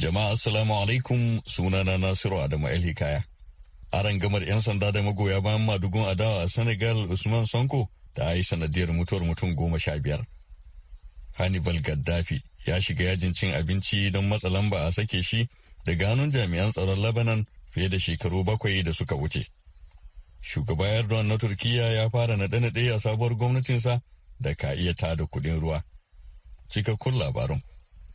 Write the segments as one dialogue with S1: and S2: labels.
S1: Jama'a Assalamu alaikum sunana Nasiru Adamu Elhikaya. A rangamar 'yan sanda da magoya bayan madugun adawa a Senegal Usman Sanko ta yi sanadiyar mutuwar mutum goma sha biyar. Hannibal Gaddafi ya shiga yajin cin abinci don matsa lamba a sake shi daga hannun jami'an tsaron Lebanon fiye da shekaru bakwai da suka wuce. Shugaba Erdogan na Turkiyya ya fara naɗe-naɗe a sabuwar gwamnatinsa da ka iya tada kuɗin ruwa. Cikakkun labarun.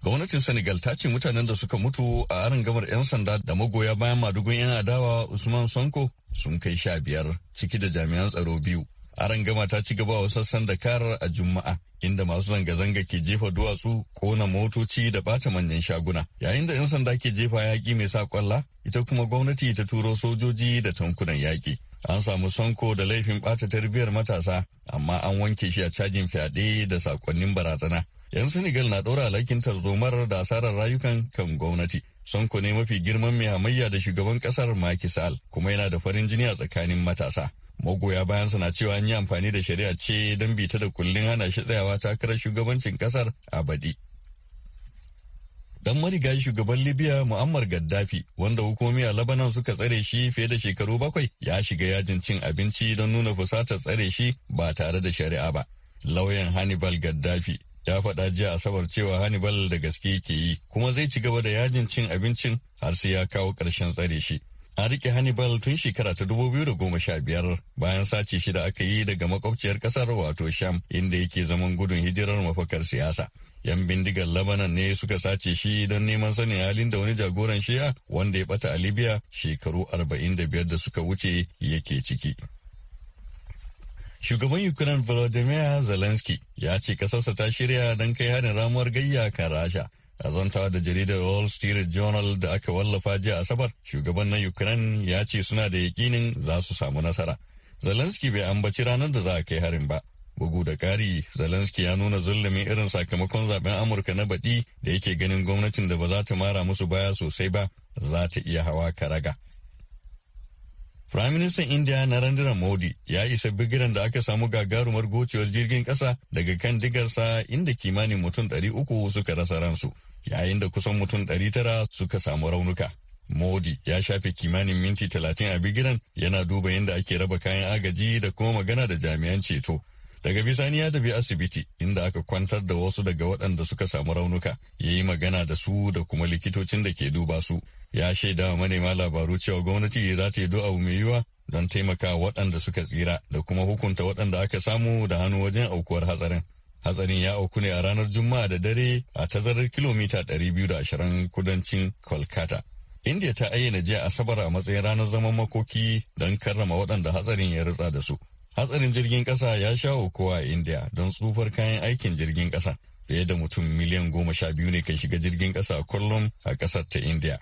S1: Gwamnatin Senegal ta ce mutanen da suka mutu a aron gamar 'yan sanda da magoya bayan madugun 'yan adawa Usman Sanko sun kai sha biyar ciki da jami'an tsaro biyu. Aron gama ta ci gaba wa sassan kar a Juma'a inda masu zanga-zanga ke jefa duwatsu kona motoci da bata manyan shaguna yayin da 'yan sanda ke jefa yaƙi mai sa kwalla ita kuma gwamnati ta turo sojoji da tankunan yaƙi. an samu sanko da laifin ɓata tarbiyyar matasa amma an wanke shi a cajin fyaɗe da sakonnin barazana yan senegal na ɗora alhakin tarzomar da asarar rayukan kan gwamnati sanko ne mafi girman mai hamayya da shugaban ƙasar Macky Sall kuma yana da farin jini a tsakanin matasa magoya bayansa na cewa an yi amfani da shari'a ce don bita da kullun hana shi tsayawa takarar shugabancin ƙasar a baɗi Don mariga shugaban libya muammar gaddafi wanda hukumi a labanan suka tsare shi fiye da shekaru bakwai ya shiga yajin cin abinci don nuna fusatar tsare shi ba tare da shari'a ba lauyan hannibal gaddafi ya faɗa jiya asabar cewa hannibal da gaske ke yi kuma zai ci gaba da yajin cin abincin har sai ya kawo ƙarshen tsare shi an riƙe hannibal tun shekara ta dubu biyu da goma sha biyar bayan sace shi da aka yi daga makwabciyar ƙasar wato sham inda yake zaman gudun hijirar mafakar siyasa yan bindigar labanan ne suka sace shi don neman sanin halin da wani jagoran shiya wanda ya bata a libya shekaru 45 da suka wuce yake ciki shugaban ukraine volodymyr zelensky ya ce kasarsa ta shirya don kai harin ramuwar gayya kan rasha a zantawa da jaridar wall street journal da aka wallafa jiya asabar shugaban na ukraine ya ce suna da yakinin za su samu nasara zelensky bai ambaci ranar da za a kai harin ba Bugu da ƙari, Zelensky ya nuna zullumin irin sakamakon zaben Amurka na baɗi da yake ganin gwamnatin da ba za ta mara musu baya sosai ba za ta iya hawa karaga. Firaministan Indiya Narendra Modi ya isa bigiran da aka samu gagarumar gocewar jirgin ƙasa daga kan digarsa inda kimanin mutum 300 suka rasa ransu, yayin da kusan mutum 900 suka samu raunuka. Modi ya shafe kimanin minti 30 a bigiran yana duba yadda ake raba kayan agaji da kuma magana da jami'an ceto. Daga bisani ya tafi asibiti inda aka kwantar da wasu daga waɗanda suka samu raunuka, ya yi magana da su da kuma likitocin da ke duba su. Ya shaida wa manema labaru cewa gwamnati za ta yi do abu mai yiwuwa don taimaka waɗanda suka tsira da kuma hukunta waɗanda aka samu da hannu wajen aukuwar hatsarin. Hatsarin ya auku ne a ranar Juma'a da dare a tazarar kilomita 220 kudancin Kolkata. India ta ayyana jiya Asabar a matsayin ranar zaman makoki don karrama waɗanda hatsarin ya rutsa da su. Hatsarin jirgin kasa ya sha kowa a India don tsufar kayan aikin jirgin kasa Fiye da mutum miliyan goma sha biyu ne kan shiga jirgin ƙasa kullum a kasar ta India.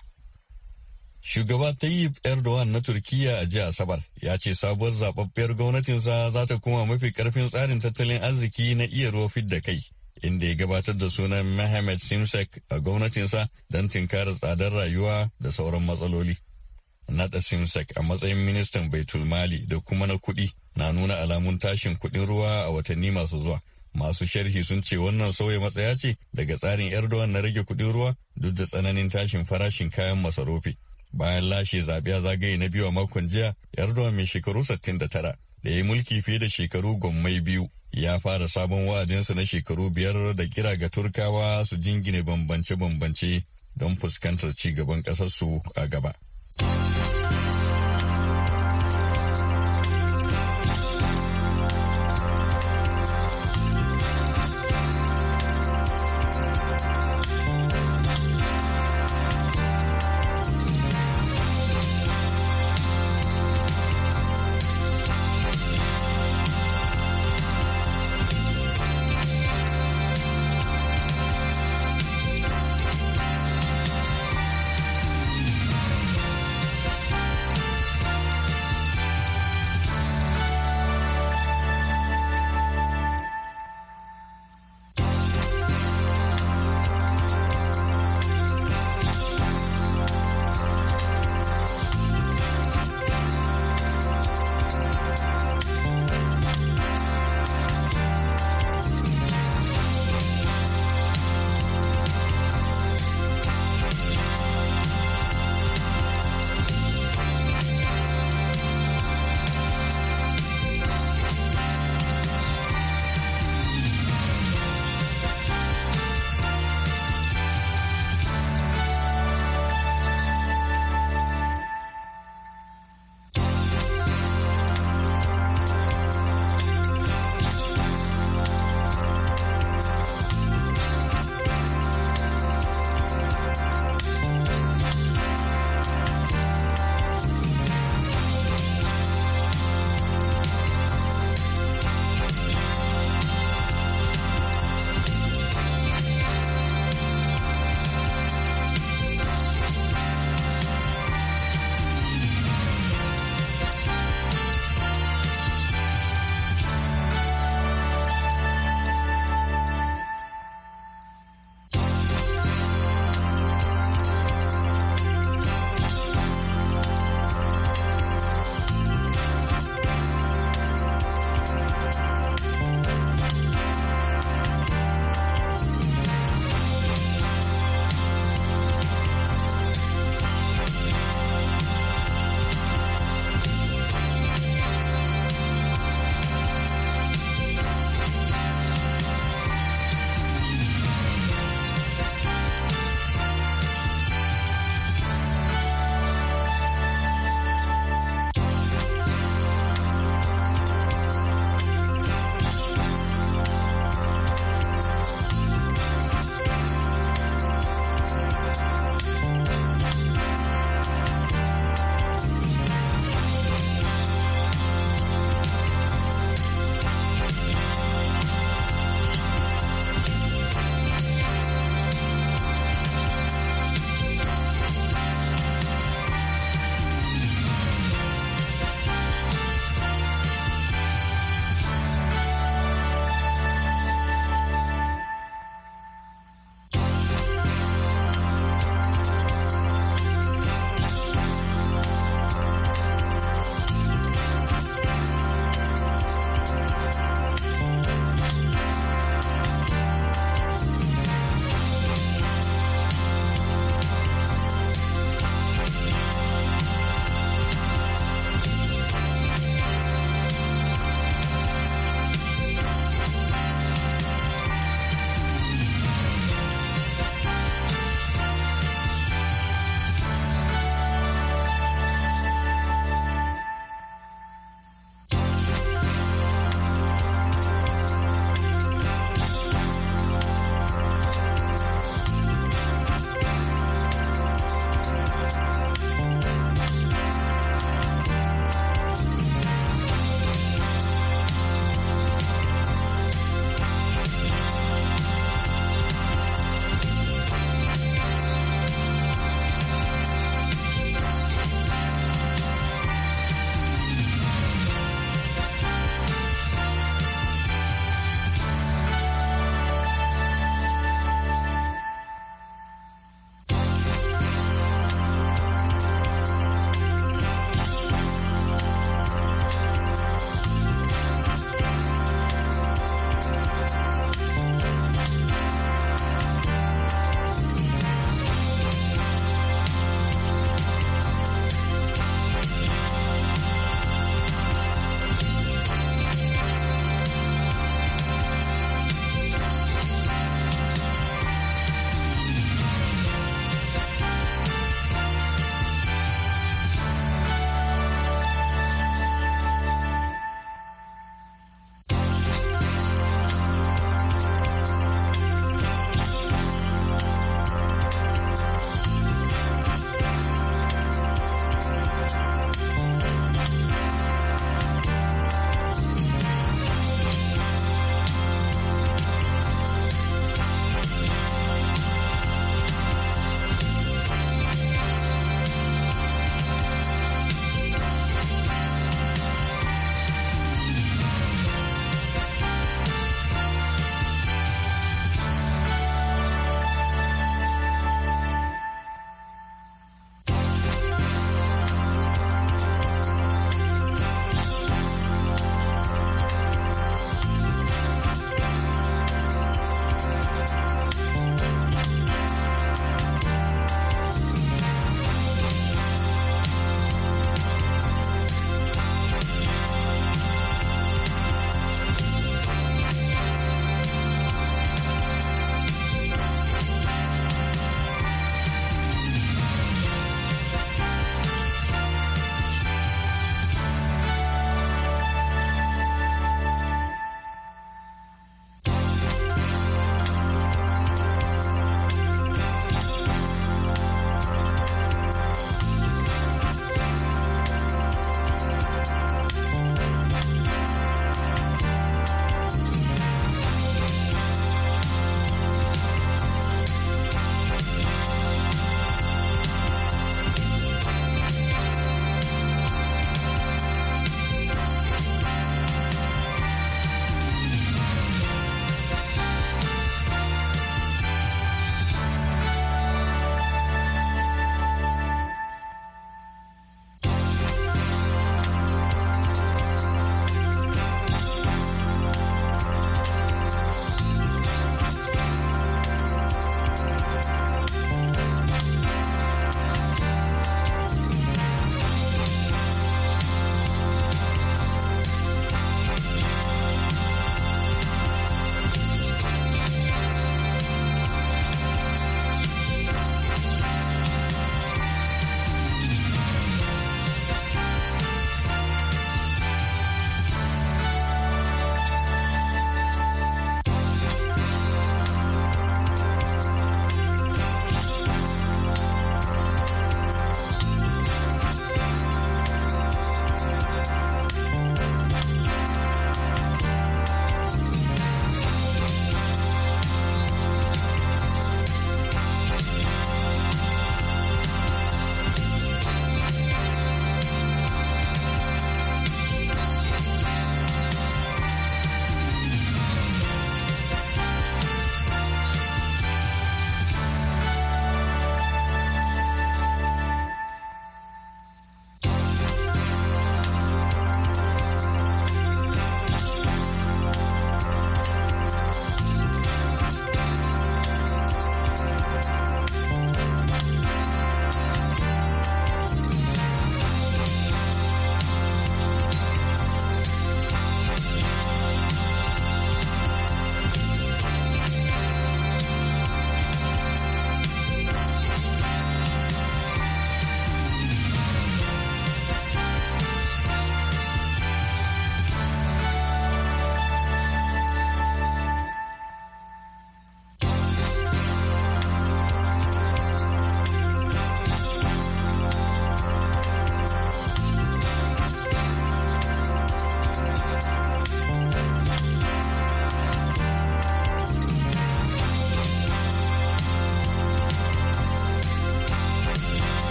S1: Shugaba Tayyip Erdogan na Turkiyya a jiya Asabar ya ce sabuwar zababbiyar gwamnatinsa za ta koma mafi karfin tsarin tattalin arziki na iya ruwa da kai, inda ya gabatar da sunan Mohamed Simsek a gwamnatinsa don tinkarar tsadar rayuwa da sauran matsaloli. naɗa simsek a matsayin ministan baitul mali da kuma na kuɗi na nuna alamun tashin kuɗin ruwa a watanni masu zuwa masu sharhi sun ce wannan sauya matsaya ce daga tsarin erdogan na rage kuɗin ruwa duk da tsananin tashin farashin kayan masarufi bayan lashe zaɓe a zagaye na biyu a makon jiya erdogan mai shekaru 69 da ya yi mulki fiye da shekaru gwammai biyu ya fara sabon wa'adinsa na shekaru biyar da kira ga turkawa su jingine bambance-bambance don fuskantar ci gaban ƙasarsu a gaba.